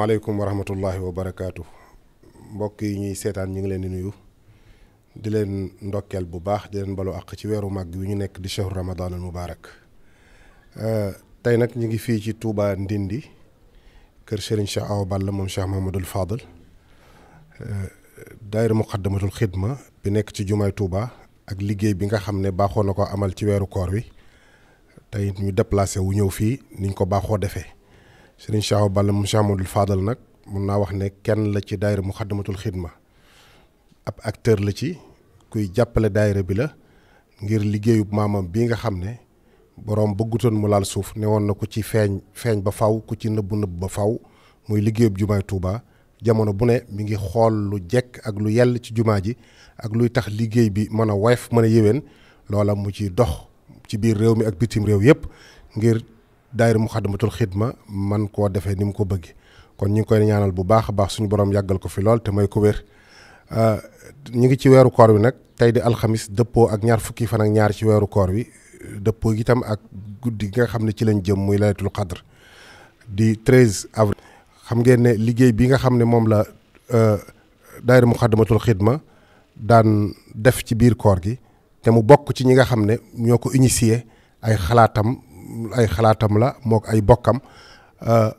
maaleykum wa rahmatullahi wa barakaatu mbokk yi ñuy seetaan ñu ngi leen di nuyu di leen ndokkeel bu baax di leen balu àq ci weeru màgg wi ñu nekk di shahru ramadan al mubarak eh, tey nag ñu ngi fii ci Touba Ndindi kër Serigne Cheikh Awa Balla moom Cheikh Mahmadul Fadal eh, daayira muqaddamatul xidma bi nekk ci jumaay Touba ak liggéey bi nga xam ne baaxoo na ko amal ci weeru koor wi tey ñu déplacé wu ñëw fii niñ ko baaxoo defee Serigne Cheikh Awa Balla mu Cheikh Amadou nag mun naa wax ne kenn la ci mu Muxaddamatul Xidma ab acteur la ci kuy jàppale daayira bi la ngir liggéeyu maamam bi nga xam ne boroom bëggutoon mu laal suuf ne woon na ku ci feeñ feeñ ba faw ku ci nëbb nëbb ba faw muy liggéeyub jumaay tuuba jamono bu ne mi ngi xool lu jekk ak lu yell ci jumaa ji ak luy tax liggéey bi mën a woyof mën a yéwén loola mu ci dox ci biir réew mi ak bitim réew yépp ngir daayira Muxaddamatul Xidma man koo defee ni mu ko bëggee kon ñu ngi koy ñaanal bu baax a baax suñu borom yàggal ko fi lool te may ko wér euh, ñu ngi ci weeru koor wi nag tey di alxamis dëppoo ak ñaar fukki fan ak ñaari ci weeru koor wi dëppoo itam ak guddi gi xam ne ci lañ jëm muy laylatul qadr di 13 avril. xam ne liggéey bi nga xam ne moom la euh, daayira Muxaddamatul Xidma daan def ci biir koor gi te mu bokk ci ñi nga xam ne ñoo ko initié ay xalaatam. ay xalaatam la mook ay bokkam euh,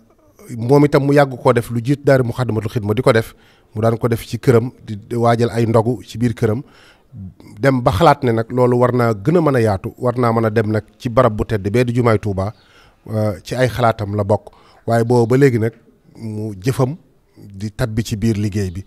moom itam mu yàgg koo def lu jiit daari mu xaddamatul ma di ko def mu daan ko def ci këram di waajal ay ndogu ci biir këram dem ba xalaat ne nag loolu war naa gën a mën a yaatu war naa mën a dem nag ci barab bu tedd bee di jumaay Tuuba euh, ci ay xalaatam la bokk waaye boobu ba léegi nag mu jëfam di bi ci biir liggéey bi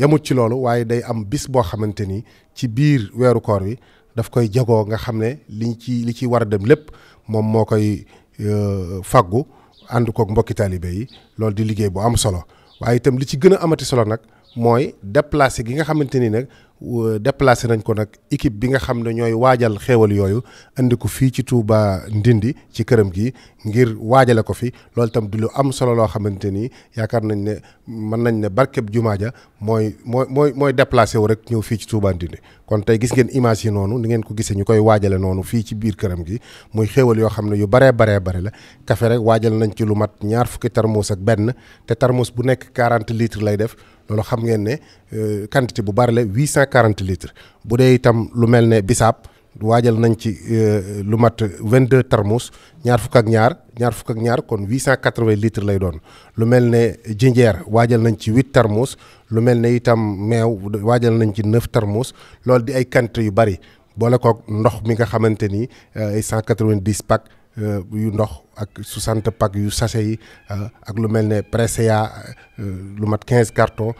yamut ci loolu waaye day am bis boo xamante ni ci biir weeru koor wi daf koy jagoo nga xam ne li liñ ci li ci war a dem lépp moom moo koy euh, faggu ànd ko mbokki taalibe yi loolu di liggéey bu am solo waaye itam li ci gën a amati solo nag mooy déplacé gi nga xamante ni nag Euh, déplacé nañ ko nag équipe bi nga xam ne ñooy waajal xéewal yooyu andi ko fii ci Touba Ndindi ci këram gi ngir waajale ko fi loolu itam du lu am solo loo xamante ni yaakaar nañ ne mën nañ ne barkeb jumaa ja mooy mooy mooy mooy déplacé wu rek ñëw fii ci Touba Ndindi kon tey gis ngeen image noonu ni ngeen ko gisee ñu koy waajale noonu fii ci biir këram gi muy xéewal yoo xam ne yu baree baree bare la café rek waajal nañ ci lu mat ñaar fukki tarmuus ak benn te tarmuus bu nekk 40 litres lay def loolu xam ngeen ne euh, quantité bu bari la huit cent quarante litres bu dee itam lu mel ne bisaab waajal nañ ci euh, lu mat vingt deux thermos ñaar fukk ak ñaar ñaar fukk ak ñaar kon huit cent quatre vingt litres lay doon lu mel ne jinjeer waajal nañ ci huit thermos lu mel ne itam meew waajal nañ ci neuf thermos loolu di ay quantité yu bari boole kook ndox mi nga xamante ni euh, ay cent quatre vingt dix pack Euh, yu ndox ak 60 pack yu sachet yi euh, ak lu mel ne presea euh, lu mat quinze carton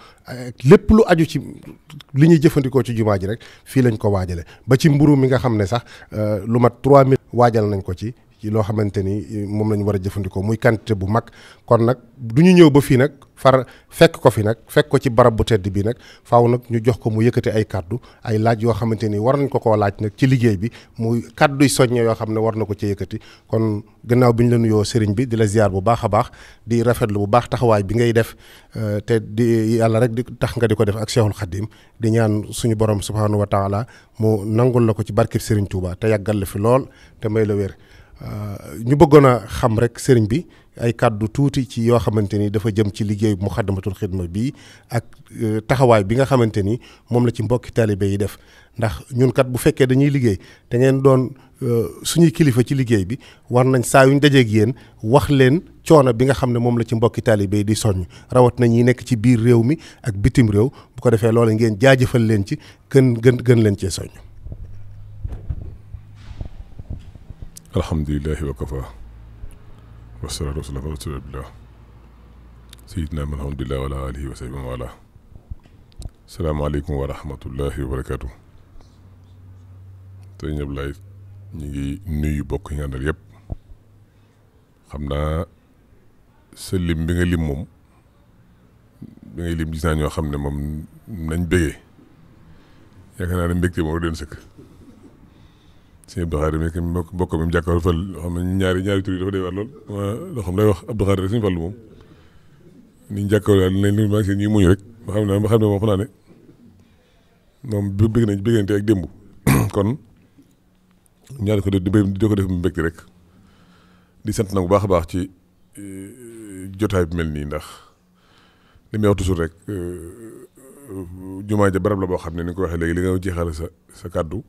lépp lu aju ci li ñuy jëfandikoo ci jumaa ji rek fii lañ ko waajale ba ci mburu mi nga xam ne sax lu mat trois 3000 waajal nañ ko ci loo xamante ni moom la ñu war a jëfandikoo muy quantité bu mag kon nag du ñu ñëw ba fii nag far fekk ko fi nag fekk ko ci barab bu tedd bii nag faaw nag ñu jox ko mu yëkkati ay kàddu ay laaj yoo xamante ni war nañ ko koo laaj nag ci liggéey bi muy kàdduy soññe yoo xam ne war na ko ci yëkkati kon gannaaw bi ñu la nuyoo sëriñ bi di la ziar bu baax a baax di rafetlu bu baax taxawaay bi ngay def euh, te di yàlla rek di tax nga di ko def ak Cheikhul Khadim di ñaan suñu borom subhanahu wa taala mu nangul la ko ci barkeb sëriñ Touba te yàggal la fi lool te may la wér Euh, ñu bëggoon a xam rek sëriñ bi ay kàddu tuuti ci yoo xamante ni dafa jëm ci liggéey mu Muxaddamatul Xidma bii ak euh, taxawaay bi nga xamante ni moom la ci mbokki taalibe yi def ndax ñun kat bu fekkee dañuy liggéey te ngeen doon euh, suñuy kilifa ci liggéey bi war nañ saa yuñ dajeeg yéen wax leen coono bi nga xam ne moom la ci mbokki taalibe di soññ rawat na ñi nekk ci biir réew mi ak bitim réew bu ko defee loola ngeen jaajëfal leen ci gën gën gën leen cee soññ alhamdulilahi wa kafa wasalaatu wasalaamu ala rasulilah sayidina man alhamdulilah wala alihi wa sahbi wala salaamaaleykum wa rahmatullahi wa barakaatu te ñëpp laay ñu ngi nuyu bokk yi nga àndal yëpp xam naa sa lim bi nga lim moom bi ngay lim gis naa ñoo xam ne moom nañ bégee yaakaar naa ne mbégte moom rek doon sëkk sëñ Abdou Khadre mi mbokk mbokk mi mu ñaari ñaari tur yi dafa dee war lool loo xam lay wax Abdou Khadre rek suñu fàllu moom ni ñu jàkkaarloo daal nañ li ma seen ñuy muñu rek ma xam ne ma xam moom xam naa bi bëgg nañ bëggante ak démb kon ñaari ko di def mu mbégte rek di sant nag bu baax a baax ci eh, jotaay bi mel nii ndax li may wax toujours rek eh, jumaa ja la boo xam ne ni ko waxee léegi li nga jeexale sa sa kàddu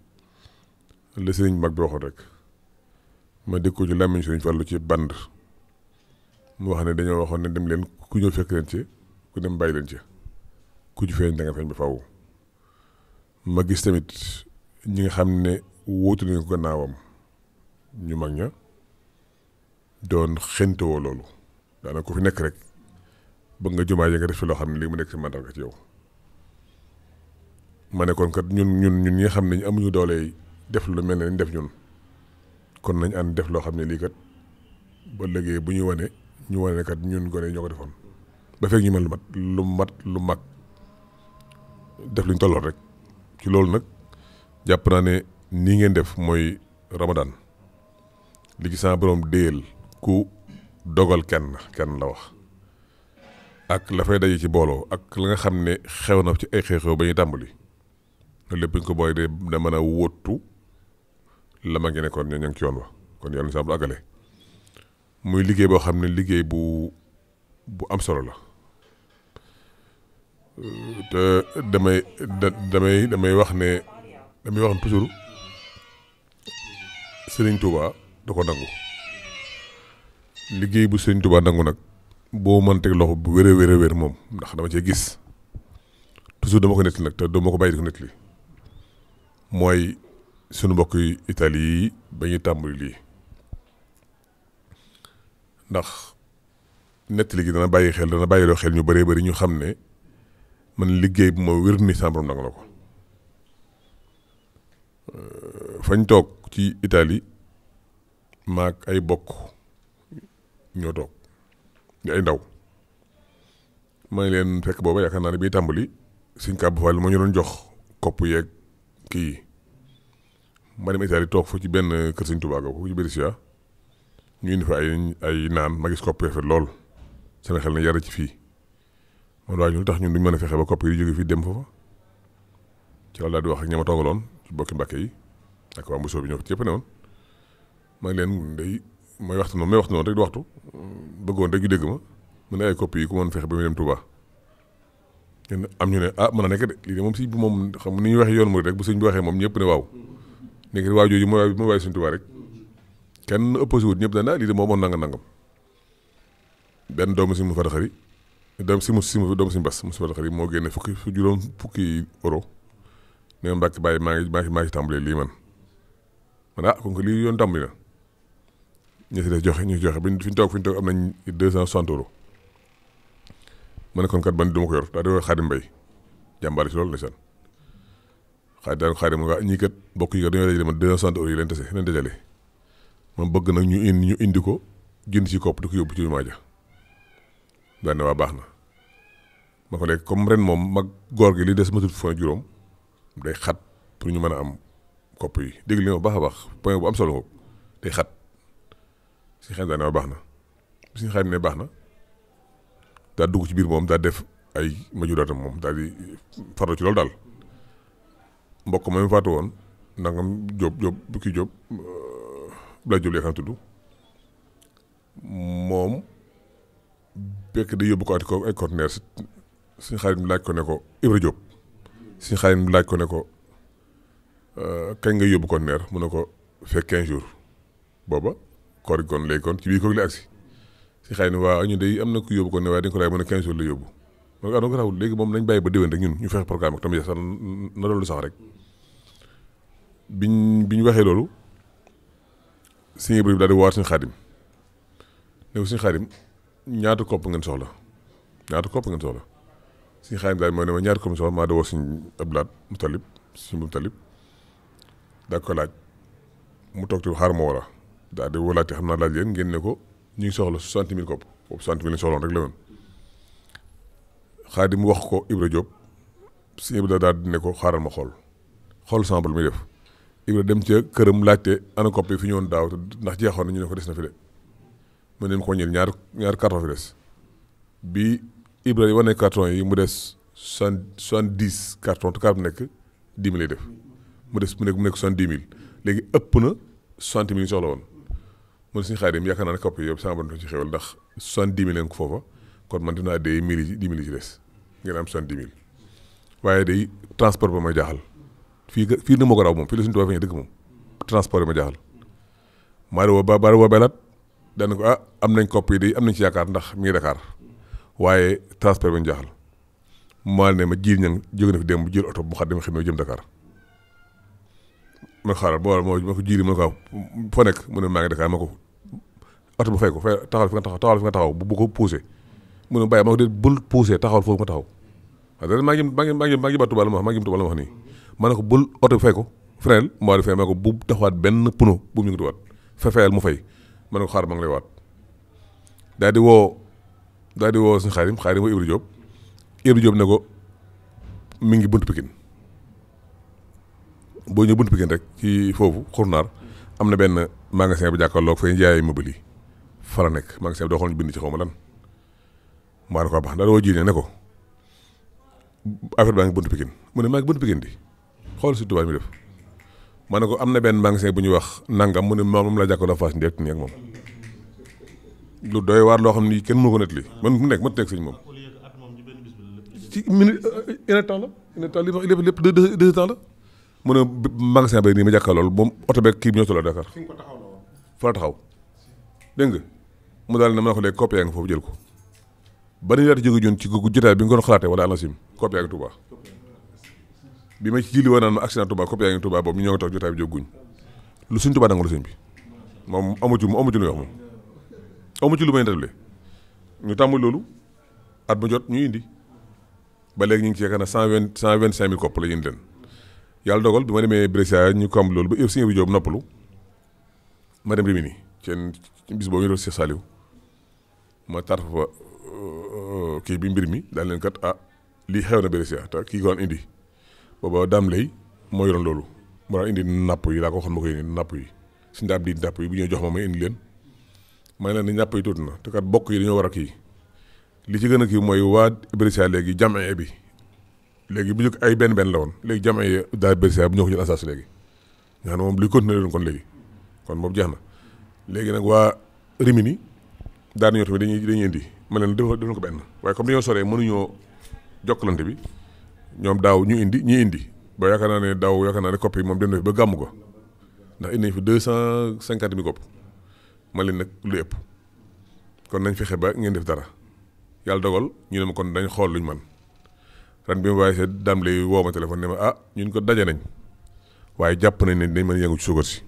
la sëriñ mag bi waxoon rek ma déggoo ci làmmiñ sëriñ Fàllu ci band mu wax ne dañoo waxoon ne dem leen ku ñëw fekk leen ci ku dem bàyyi leen ci ku ci feeñ da nga feeñ ba faaw ma gis tamit ñi nga xam ne wóotu nañu ko ñu mag ña doon xentewoo loolu daanaka ku fi nekk rek bëgg nga jumaa yi nga def loo xam ne lii mu nekk si mandarga ci yow ma ne kon kat ñun ñun ñun ñi nga xam ne ñu amuñu doole def lu mel ne lañ def ñun kon nañ ànd def loo xam ne lii kat ba léegi bu ñu wanee ñu wane kat ñun gone ñoo ko defoon ba fekk ñu mel lu mat lu mat lu mag def luñ tolloon rek ci loolu nag jàpp naa ne nii ngeen def mooy Ramadan li ci sama borom déyal ku dogal kenn kenn la wax ak la fay daje ci booloo ak la nga xam ne xew na ci ay xew-xew ba ñuy tàmbali loolu lépp ñu ko booy de da mën a wóotu la ma ngi nekkoon ñoo ci yoon wa kon yàlla na saa bu àggale muy liggéey boo xam ne liggéey bu bu am solo la damay da damay wax ne damay wax ne da ko nangu liggéey bu Serigne Touba nangu nag boo mën teg loxo bu wér a wér moom ndax dama cee gis toujours dama ko nettali nag te dama ko bàyyi di ko nettali mooy sunu mbokk yi Italie yi ba ñu tàmbali lii ndax nettali gi dana bàyyi xel dana bàyyiloo xel ñu bëree bëri ñu xam ne man liggéey bu ma wér ni sama borom nangu na ko euh, fañ toog ci Italie maag ay bokk ñoo toog di ay ndaw ma leen fekk booba yaakaar naa ne bii tàmbali suñ kàbb faal ma ñu doon jox kopp yeeg kii ma dem Italie toog fa ci benn kër Sëñ Tuubaa ko ci Berisiya ñu indi fa ay ay naan ma gis rafet lool seen xel ne yara ci fii man waaye ñu tax ñun duñ mën a fexe ba kopp yi jóge fii dem fa di wax ak ña ma toogaloon ci yi ak waa Mbusoo ñoo ci yëpp ne leen day may waxtu noonu may waxtu noonu rek di waxtu bëggoon rek ñu dégg ma mu ne ay kopp yi ku mën fexe ba mu dem Tuubaa am ñu ne ah mën a nekk de lii de moom si bu moom xam ni ñuy waxee yoon mu rek bu sëñ bi waxee moom ñëpp ne waaw léegi waa jooju mooy mooy waaye suñu Tuubaa rek kenn opposé wut ñëpp dañ naa ah, lii de moom moo nangam nangam benn doomu si mu faraxar yi doom si mus si mu doomu si mbas mu si faraxar yi moo génne fukki fu juróom fukki euro ne ma mbàkk bàyyi maa ngi maa ngi maa ngi tàmbalee lii man man ah kon ko lii yoon tàmbali na ñu si def joxe ñu joxe ba fi ñu toog fi am nañ deux cent soixante euros ma ne kat man du ko yor daal di woo Xaadim Mbay jàmbaar si loolu ndeysaan xaar daal xaar mu nga ah, ñii kat mbokk yi kat dañoo dajale man deux cent soixante euros yi leen bëgg nag ñu indi ñu indi ko jënd ci kopp di ko yóbbu ci jumaa ja daan na waa baax na ma fa léegi comme ren moom mag góor gi li des matul fukki fan juróom day xat pour ñu mën a am kopp yi dégg li ma a baax point bu am solo boobu xat si xel daan na waa baax na suñu xaar ne baax na daa dugg ci biir moom daa def ay majuraatam moom daal di farlu ci loolu daal. mbokk ma mu faatu woon nangam Diop Diop bukki Diop Blay Diop yaakaar tudd moom bekk day yóbbu ko ati ko ay conteneurs suñu xarit mu laaj ko ne ko Ibra Diop suñu xarit mu laaj ko ne ko euh, kañ nga yóbbu conteneur mu ne ko fekk 15 jours booba koor gi kon léegi kon ci biir koog la agsi si xëy na waa ñu day am na ku yóbbu ko ne waaye dañ ko laaj mu ne 15 jours yóbbu. waaw donc rawul léegi moom nañ bàyyi ba déwén rek ñun ñu fexe programme ak tamit sax na loolu sax rek biñ bi ñu waxee loolu sëñ Ibrahima daal di waar suñu xaadim ne ko suñu xaadim ñaata kopp ngeen soxla ñaata kopp ngeen soxla suñu xaadim daal mooy ne ma ñaata kopp soxla maa da woo suñu abdulaat mu talib suñu mu talib daa ko laaj mu toog te xaar ma wala daal di woo laajte xam naa laaj leen ngeen ne ko ñu ngi soxla soixante mille kopp boobu soixante mille soxloon rek la woon xaadim wax ko Ibra Diop si Ibra daal di ne ko xaaral ma xool xool sample mi def Ibra dem ca këram laajte ana kopp yi fi ñëwoon daaw ndax jeexoon na ñu ne ko des na fi de mu ne ko ñëw ñaar ñaar carton fi des bi Ibra wane carton yi mu des soixante dix carton te carte nekk dix mille lay def mu des mu nekk mu nekk soixante dix mille léegi ëpp na soixante mille soxla woon mu ne suñu xaadim yaakaar naa ci xewal ndax soixante dix mille leen ko foofa kon man dinaa dee mille yi dix mille yi ci des. ngeen am soixante-dix waaye day transport ba ma jaaxal fii fii ni ma ko raw moom fii la suñu tubaab feeñee dëkk moom transport ba ma woo ba bari woo belat daan ko ah, am nañ kopp yi am nañ ci yaakaar ndax mi ngi Dakar waaye transport ba ñu jaaxal maa ne na fi dem bu jël oto mu xat jëm Dakar ma xaaral bo moo ma ko jiiri ma nekk mu ne maa ngi Dakar ma ko oto bu fay ko fay taxawal fi nga taxaw taxawal fi nga taxaw bu ko poussé mu ne bàyyi ma ko dee bul poussé taxawal foofu nga taxaw waaw maa ngi maa ngi maa ngi maa ngi baat tubaab la ma wax maa ngi tubaab la ma wax nii ma ne ko bul oto fay ko freinel mu war a fay ma ne ko bu taxawaat benn puno bu mu ñu ko tuwaat fa fayal mu fay ma ne ko xaar ma ngi lay waat daal di woo daal di woo suñu xaarim xaarim woo Ibra Diop Ibra Diop ne ko mi ngi buntu Pikine boo ñëw buntu Pikine rek ci foofu xurnaar am na benn magasin bu jàkkaarloog fay jaay mobile yi fa la nekk magasin bi doo xool ñu bind ci xaw ma lan maa ne ko baax daal woo ji ne ne ko affaire baa ngi buntu Pikine mu ne maa ngi buntu Pikine di xool si tubaab mi def ma ne ko am na benn magasin bu ñuy wax nangam mu ne moom la jàkkaarloo Fass Ndiaye nii moom lu doy waar loo xam ni kenn mënu ko net li man mu nekk ma teg sëñ moom. ci minute euh, une temps la une temps li lépp deux deux temps la mu ne magasin bay nii ma loolu moom oto beeg kii bi ñoo tolloo Dakar fa la taxaw dégg nga mu daal ne ma ne ko léegi coppite nga foofu jël ko. ba nañu daal di jóge ñun ci jotaay bi nga doon xalaatee wala ANACIM COP yaa ngi Touba bi ma ci jili woon naan ma accident Touba COP yaa ngi Touba boobu ñu ñoo ngi toog jotaay bi jóguñ lu suñ Touba nangalu sëñ bi moom amu ci mu amu ci lu wax moom amu ci lu may ndetale ñu tàmbali loolu at ma jot ñu indi ba léegi ñu ngi ci yaakaar ne cent vingt cent vingt cinq mille COP la ñu indi leen yàlla dogal bi ma demee Brescia ñu ko am loolu ba sëñ bi Jóob noppalu ma dem Rimini seen bis boobu ñu doon Cheikh Saliou ma tarfa fa Euh, kii bi mbir mi daan leen kat ah lii xew na Bérésia te kii ko daan indi booba daam lay moo yoroon loolu moo daan indi napp yi laa ko waxoon ma ko yi suñu daam di napp yi bu ñuy jox ma may indi leen may leen ni na te kat bokk yi dañoo war a kii li ci gën a kii mooy waa Bérésia léegi jamee bi léegi bu njëkk ay benn benn la woon léegi jamee daal Bérésia bu ñoo ko jël assaas léegi nga moom luy continuer leen kon léegi kon moom jeex na léegi nag waa Rimini daan ñoo tamit dañuy dañuy indi ma leen defal defal ko benn waaye comme dañoo soree mënuñoo jokkalante bi ñoom daaw ñu indi ñu indi ba yaakaar naa ne daaw yaakaar naa ne kopp yi moom dem ba gàmm ko ndax indi fi deux cent cinquante mille kopp ma leen nag lu ëpp kon nañ fexe ba ngeen def dara yàlla dogal ñu ne ma kon dañ xool luñ man ren bi ma waaye see daam lay woo ma téléphone ne ma ah ñun ko daje nañ waaye jàpp nañ ne dañ mën a yëngu suukar si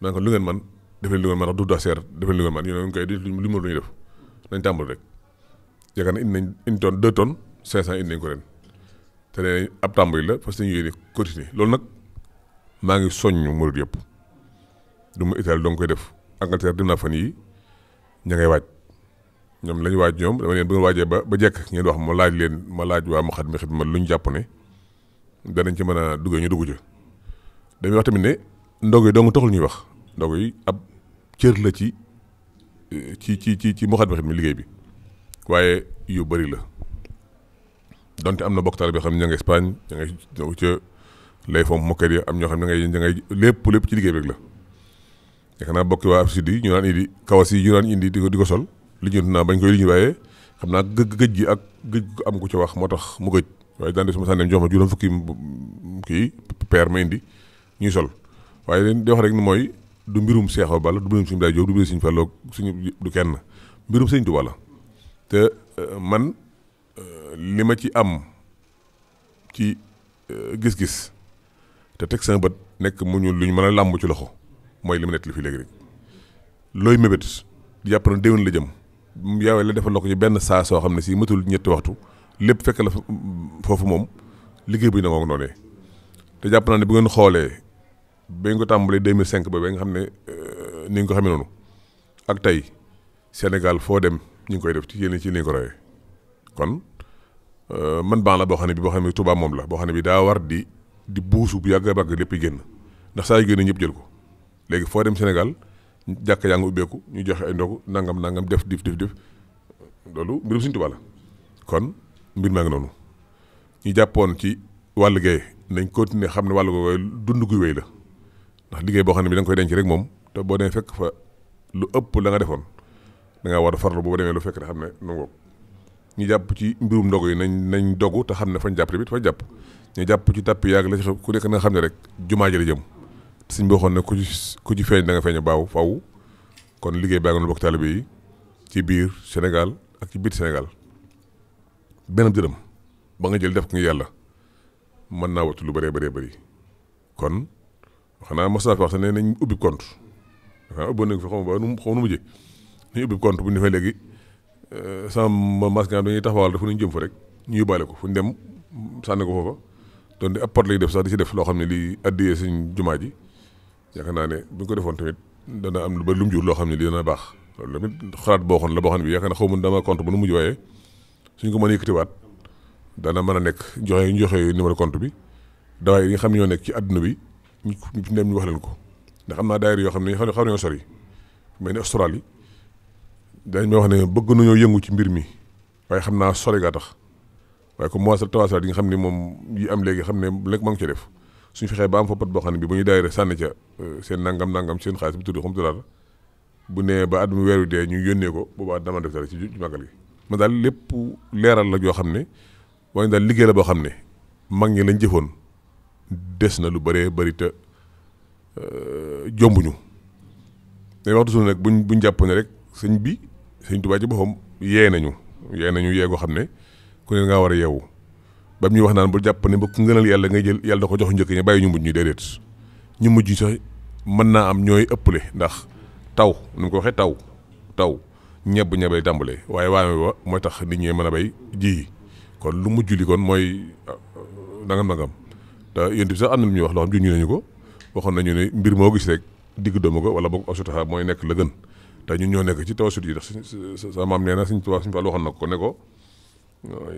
man ko lu ngeen man def leen lu ngeen man wax du doseer def leen lu ngeen man ñu ne koy lu mu lu ñuy def nañ tàmbali rek yaakaar na indi nañ une tonne deux tonnes cinq cent indi nañ ko ren te nee nañ ab tàmbali la parce que ñu yéene loolu nag maa ngi soññ murit yëpp du ma Italie doo koy def Angleterre dem naa fan yi ña ngay waaj ñoom la ñu waaj ñoom dama leen bu nga waajee ba ba jekk ngeen wax ma laaj leen ma laaj waa ma xat mi xit ma lu ñu jàpp ne danañ ci mën a duggee ñu dugg ca dañuy wax tamit ne ndog yi dong taxul ñuy wax ndog yi ab cër la ci ci ci ci ci Moukhaddamatoul Khidma liggéey bi waaye yu bëri la donte am na bokk taal bi xam ne ña nga Espagne ña ca lay fomp mokkat yi am ñoo xam ne ngay ña ngay lépp lépp ci liggéey bi rek la yaakaar naa bokki waa Afrique yi ñu naan indi kawas yi ñu naan indi di ko di sol li naa bañ koy li ñu xam naa gëj gëj gi ak gëj gu am ku ci wax moo tax mu gëj waaye daan def sama sànneem jox ma juróom fukki kii peer ma indi ñuy sol waaye leen wax rek ni mooy du mbirum Seexu bala du mbirum Sëñ Ablaay Jóob du mbirum Sëñ Fallu suñu du kenn mbirum Sëñ Tuubaa la te euh, man euh, li ma ci am ci euh, gis-gis te teg sama bët nekk mu ñu lu ñu mën a làmb ci loxo mooy li ma nettali fii léegi rek looy mébét jàpp na déwén la jëm yaawe la defal la ci benn saa soo xam ne si matul ñetti waxtu lépp fekk la foofu moom liggéey bu ñu ne moom noonee te jàpp naa ne bu ngeen xoolee ba ñu ko tàmbalee 2005 ba ba nga xam ne euh, ni nga ko ne noonu ak tey Sénégal foo dem ñu ngi koy def ci yéen ci ni ko royee kon euh, man baax la boo xam ne bi boo xam ne Touba moom la boo xam ne bi daa war di di buusu bu yàgg bàgg lépp génn ndax saa yu génn ñëpp jël ko léegi foo dem Sénégal jàkk yaa ubbeeku ñu joxe ay ndogu nangam nangam def dif dif dif loolu mbirum Sëñ Tuubaa kon mbir maa ngi noonu ñu jàppoon ci wàll gee nañ continuer xam ne wàll googu dund gu wéy la. ndax liggéey boo xam ne bi da nga koy denc rek moom te boo demee fekk fa lu ëpp la nga defoon da ngaa war a farlu boo demee lu fekk te xam ne nu ngoog ñu jàpp ci mbirum ndog yi nañ nañ dogu te xam ne fañ jàpp tamit fañ jàpp ñu jàpp ci tàpp yaag la ci ku nekk na nga xam ne rek jumaa ji la jëm suñ boo xoon ne ku ci ku ci feeñ danga nga feeñ baaw faw kon liggéey baa ngi bokk taalibe yi ci biir Sénégal ak ci biir Sénégal benn dërëm ba nga jël def ko ngi yàlla mën naa wattu lu bëree bëree bëri xanaa mos naa fi wax ne nañ ubbi compte xanaa ubbi nañ fi xaw ma nu xaw nu mujjee nañ ubbi compte bu ñu defee léegi euh, sama masque yi dañuy taxawal dafa ñu jëm fa rek ñu yóbbaale ko fu ñu dem sànni ko foofa doon di lay def sax di ci def loo xam ne lii addiyee suñ jumaa ji yaakaar naa ne bu ko defoon tamit dana am lu ba lum jur loo xam ne lii dana baax loolu tamit xalaat boo xoon la boo xam ne bi yaakaar naa xaw ma bu nu mujj waaye suñ ko mën a yëkkatiwaat dana mën a nekk joxe ñu joxe numéro compte bi dawaaye yi xam ne ñoo nekk ci àdduna bi ñu dem ñu wax leen ko ndax am naa daayira yoo xam ne xaw nañoo sori mel ni Australie dañ may wax ne bëgg nañoo yëngu ci mbir mi waaye xam naa sori gaa tax waaye comme moisal tawaasal yi nga xam ne moom yi am léegi xam ne lekk ma ngi ci def ba am fa boo xam ne bi bu ñuy daayira sànni ca euh, seen nangam nangam seen xaalis bi tudd xam dara bu nee ba at weer wi dee ñu yónnee ko boobaa dama def dara ci màggal gi ma daal lépp leeral la yoo xam ne waaye daal liggéey la boo xam ne mag ñi lañ jëfoon des na lu bëree bëri te euh, jombuñu day wax toujours nag buñ buñ jàpp ne rek sëñ bi sëñ Tuubaa ci boppam yee nañu yee nañu yee goo xam ne ku ne ngaa war a yeewu ba ñuy wax naan bu jàpp ne ba ku ngënal yàlla ngay jël yàlla da ko jox njëkk ñi bàyyi ñu mujj ñu déedéet ñu mujj sax mën naa am ñooy ëppale ndax taw nu mu ko waxee taw taw ñebb ñebe tàmbalee waaye waame ba mooy tax nit ñi mën a bay ji kon lu mujj li kon mooy euh, nangam nangam. te yéen sax am na lu ñuy wax loo xam ju ñu nañu ko waxoon nañu ne mbir moo gis rek digg doomu ko wala boog asutaha mooy nekk la gën te ñun ñoo nekk ci tawasut yi ndax sa maam nee na suñ tubaab suñu fàll waxoon na ko ne ko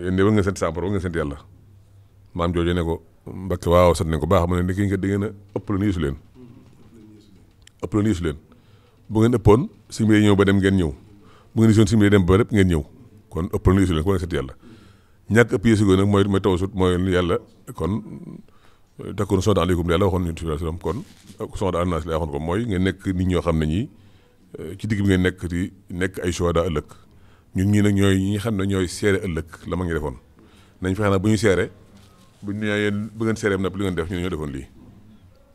yéen de ba nga sant sa borom ba nga ne ko Mbacke waaw sant nañ ko baax mu ne ndekki nga da ngeen a ëpp la niisu leen ëpp la niisu leen bu ngeen ëppoon ñëw ba dem ngeen ñëw bu ngeen gisoon simile dem ba ngeen ñëw kon ko ngeen sant yàlla ñàkk ëpp yeesu nag mooy mooy tawasut mooy yàlla kon takkoon soo daan aleykum de yàlla waxoon nañu si salaam kon soo daan mooy ngeen nekk nit ñoo xam ne ñi euh, ci digg bi ngeen nekk di nekk ay shuhada ëllëg ñun ñii nag ñooy ñi xam ne ñooy seere ëllëg la ma ngi defoon nañ fexe nag bu ñu seere bu ñu yéen bu ngeen seeree nag li ngeen def ñu ñoo defoon lii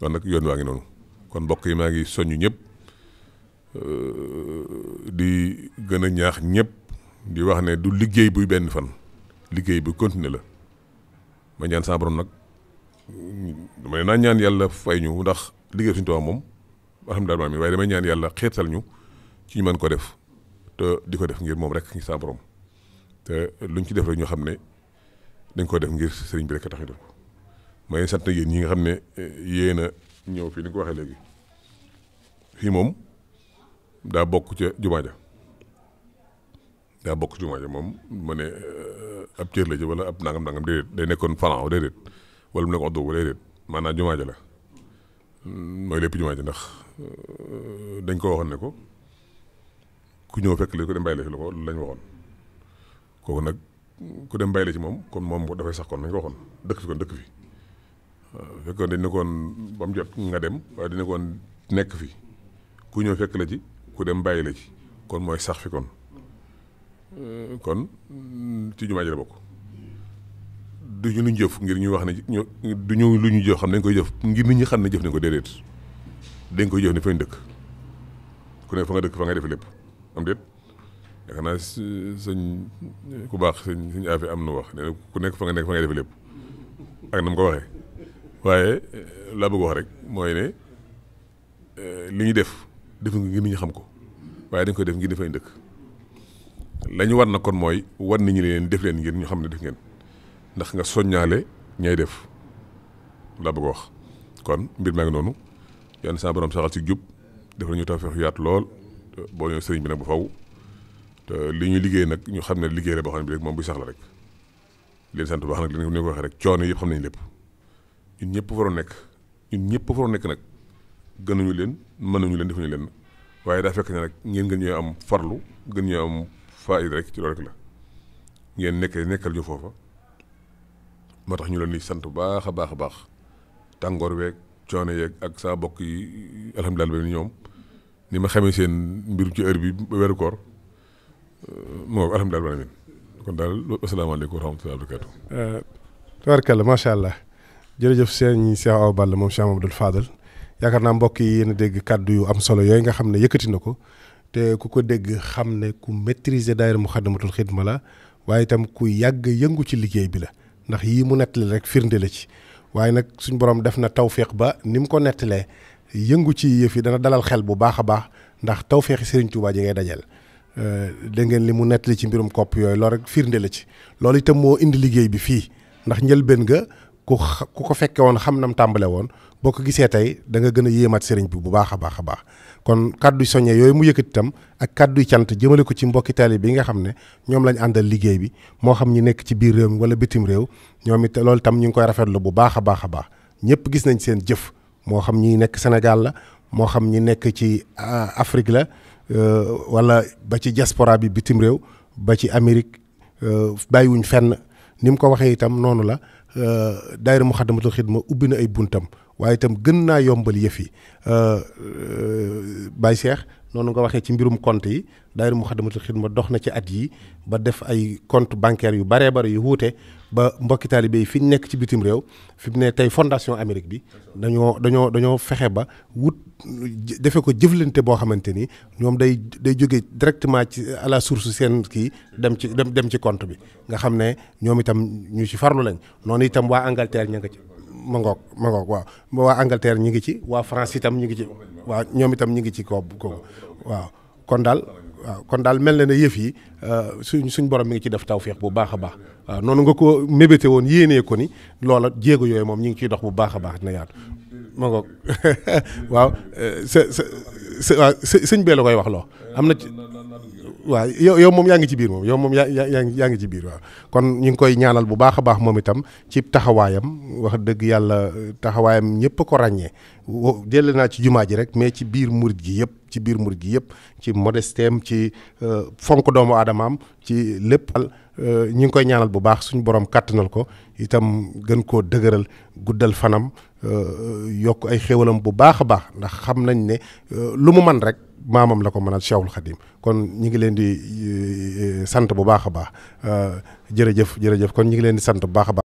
kon nag yoon waa ngi noonu kon mbokk yi maa ngi soññ ñëpp euh, di gën a ñaax ñëpp di wax ne du liggéey buy benn fan liggéey bu continuer la ma ñaan saa nag damay naa ñaan yàlla fay ñu ndax liggéey suñu tubaab moom alhamdulilah mi waaye damay ñaan yàlla xeetal ñu ci ñu mën ko def te di ko def ngir moom rek ngi saa borom luñ ci def rek xam ne dañ ko def ngir sëriñ bi rek a tax ñu def ko may sant yéen ñi nga xam ne eh, yéen a ñëw fii ni ko waxee léegi fii moom daa bokk ca jumaa ja daa bokk jumaa ja moom ma ne eh, ab cër la ci wala ab nangam nangam déedéet day nekkoon faran déedéet wala mu ne ko oddu wala déet maanaam jumaa ja la mooy lépp jumaa ja ndax euh, dañ ko waxoon ne ko ku ñëw fekk li ko dem bàyyi la ci loxo nag ku dem bàyyi ci moom kon moom dafay sax kon nañ ko dëkk fi dëkk fi fekkoon dañ nekkoon ba mu nga dem waaye dañ nekkoon nekk fi ku ñëw fekk la ci ku dem bàyyi la ci kon mooy sax fi kon euh, kon ci jumaa ji la bokk du ñu lu ñu jëf ngir ñu wax ne ñu du ñu lu ñu jëf xam nañ koy jëf ngir nit ñi xam ne jëf nañ ko déedéet dañ koy jëf ne fañ dëkk dëkk fa nga def lépp am ku baax am na wax ku nekk fa nga nekk fa nga def lépp ko waxee waaye eh, laa bëgg wax mooy ne eh, li ñu def def ngir xam ko waaye dañ koy def ngir ne fañ dëkk la ñu war na kon mooy war nit ñi leen def leen ngir ñu xam ne def ngeen. ndax nga soññaale ñay def laa bëgg wax kon mbir maa ngi noonu yenn saa borom saxal si jub def nañu taw feex yaat lool boo ñëw sëriñ bi nag bu faw te li ñu liggéey nag ñu xam ne liggéey la boo xam ne bi rek moom bu saxla rek leen sant baax nag li ñu ko waxee coono yëpp xam nañu lépp ñëpp faroon nekk ñun ñëpp faroon nekk nag gënuñu leen mënuñu leen defuñu leen waaye daa fekk ne nag ngeen gën ñoo am farlu gën ñoo am faayid rek ci loolu rek la ngeen nekk nekkal ñu foofa moo tax ñu la di sant bu baax a baax a baax tàngoor weeg coono yeeg ak saa bokk yi alhamdulilah bi ñoom ni ma xamee seen mbir ci heure bi weeru koor euh, moo alhamdulilah bi kon daal asalaamaaleykum wa rahmatulah barakaatu. Euh, tabarkalla macha allah jërëjëf sëñ Cheikh Awa Balla moom Cheikh Abdoul Fadal yaakaar naa mbokk yi yéen dégg kàddu yu am solo yooyu nga xam ne yëkkati na ko te ku ko dégg xam ne ku maîtriser daayira Muxaddamatul Xidma la waaye tam ku yàgg yëngu ci liggéey bi la. ndax yii mu nettali rek firnde ci waaye nag suñ borom def na tawféex ba ni mu ko nettalee yëngu ci yëf yi dana dalal xel bu baax a baax ndax tawféexi Serigne Touba ji ngay dajal. Euh, dégg ngeen li mu nettali ci mbirum kopp yooyu loolu rek firnde la ci loolu itam moo indi liggéey bi fii ndax njëlbeen nga. ku ku ko fekke woon xam nam tàmbale woon boo ko gisee tey da nga gën a yéemaat sëriñ bi bu baax a baax a baax kon kàddu soññe yooyu mu yëkkati itam ak kàddu cant jëmale ko ci mbokki taalibe bi nga xam ne ñoom lañu àndal liggéey bi moo xam ñi nekk ci biir réew mi wala bitim réew ñoom it loolu tam ñu ngi koy rafetlu bu baax a baax a baax ñëpp gis nañ seen jëf moo xam ñi nekk Sénégal la moo xam ñi nekk ci ah, Afrique la euh, wala ba ci diaspora bi bitim réew ba ci Amérique euh, bàyyiwuñ fenn ni mu ko waxee itam noonu la Euh, daayira Muxaddamatul Xidma ubbi na ay buntam waaye itam gën naa yombal yëf yi euh, euh, Baye Cheikh noonu nga waxee ci mbirum compte yi daayira Muxaddamatul ma dox na ci at yii ba def ay compte bancaire yu baree bari yu wuute ba mbokki taalibe yi fi ñu nekk ci bitim réew fi mu ne tey fondation Amérique bi dañoo dañoo dañoo fexe ba wut defe ko jëflante boo xamante ni ñoom day day jóge directement ci à source seen kii dem ci dem dem ci compte bi nga xam ne ñoom itam ñu ci farlu lañ noonu itam waa Angleterre ña nga ci ma ngoog ma ngoog waaw waa ñu ngi ci waa France itam ñu ngi ci waa ñoom itam ñu ngi ci kooku waaw kon daal waaw kon daal mel na ne yëf yi euh, suñ suñ borom mi ngi ci def tawféex bu baax a baax waaw noonu nga ko mébéte woon yéenee ko ni loola jéego yooyu moom ñu ngi ciy dox bu baax a baax dina yaatu ma ngoog waaw euh, sa sa sa sëñ bee koy wax loo am na ci waaw yow yow moom yaa ngi ci biir moom yow moom yaa yaa yaa ngi ci biir waaw kon ñu ngi koy ñaanal bu baax a baax moom itam ci taxawaayam wax dëgg yàlla taxawaayam ñëpp ko ràññee jël naa ci jumaa ji rek mais ci biir murit gi yëpp ci biir murit gi yëpp ci modestem ci euh, fonk doomu aadamaam ci lépp. Euh, ñu ngi koy ñaanal bu baax suñu borom kàttanal ko itam gën koo dëgëral guddal fanam euh, yokk ay xéwalam bu baax a baax ndax xam nañ ne lu mu man rek. maamam la ko mën a Cheikhul Khadim kon ñi ngi leen di eh, eh, sant bu baax a baax euh, jërëjëf jërëjëf kon ñi ngi leen di sant bu baax a baax